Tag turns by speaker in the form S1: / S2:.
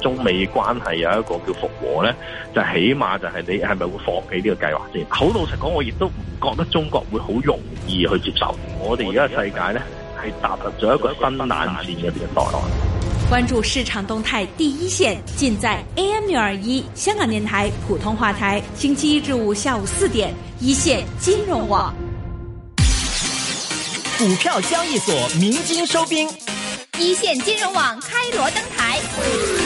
S1: 中美關係有一個叫復和呢就是、起碼就係你係咪會放棄呢個計劃先？好老實講，我亦都唔覺得中國會好容易去接受。我哋而家世界呢係踏入咗一個新冷戰嘅年代。
S2: 關注市場動態第一線，盡在 AM 六二一香港電台普通話台，星期一至五下午四點，一線金融網，金融網股票交易所明金收兵，一線金融網開鑼登台。